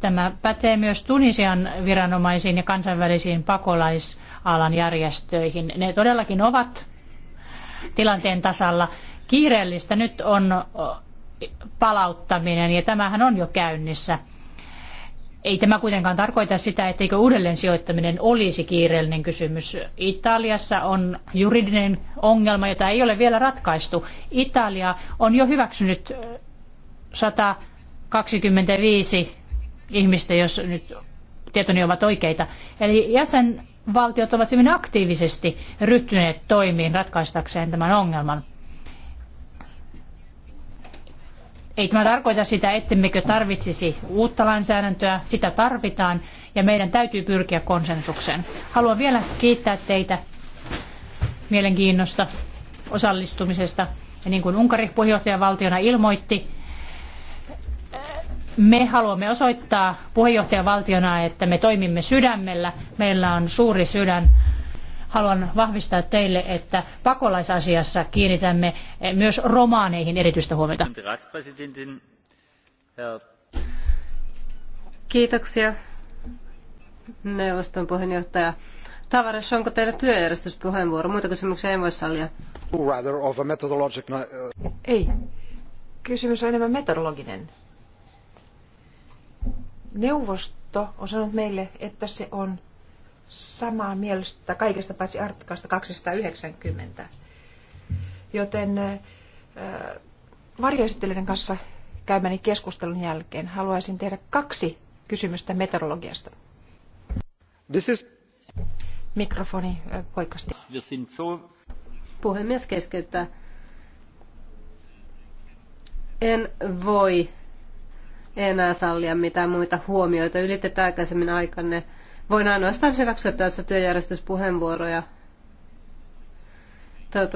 tämä pätee myös Tunisian viranomaisiin ja kansainvälisiin pakolaisalan järjestöihin. Ne todellakin ovat tilanteen tasalla. Kiireellistä nyt on palauttaminen, ja tämähän on jo käynnissä. Ei tämä kuitenkaan tarkoita sitä, etteikö uudelleen sijoittaminen olisi kiireellinen kysymys. Italiassa on juridinen ongelma, jota ei ole vielä ratkaistu. Italia on jo hyväksynyt 125 ihmistä, jos nyt tietoni ovat oikeita. Eli jäsenvaltiot ovat hyvin aktiivisesti ryhtyneet toimiin ratkaistakseen tämän ongelman. Ei tämä tarkoita sitä, ettemmekö tarvitsisi uutta lainsäädäntöä. Sitä tarvitaan ja meidän täytyy pyrkiä konsensukseen. Haluan vielä kiittää teitä mielenkiinnosta, osallistumisesta. Ja niin kuin Unkari puheenjohtajavaltiona ilmoitti, me haluamme osoittaa puheenjohtajavaltiona, että me toimimme sydämellä. Meillä on suuri sydän haluan vahvistaa teille, että pakolaisasiassa kiinnitämme eh, myös romaaneihin erityistä huomiota. Kiitoksia. Neuvoston puheenjohtaja Tavares, onko teillä työjärjestyspuheenvuoro? Muita kysymyksiä en voi sallia. Ei. Kysymys on enemmän metodologinen. Neuvosto on sanonut meille, että se on samaa mieltä kaikesta paitsi artiklasta 290. Joten äh, varjoesittelijän kanssa käymäni keskustelun jälkeen haluaisin tehdä kaksi kysymystä meteorologiasta. This is... Mikrofoni äh, poikasti. Puhemies keskeyttää. En voi enää sallia mitään muita huomioita. Ylitetään aikaisemmin aikanne. Voin ainoastaan hyväksyä tässä työjärjestyspuheenvuoroja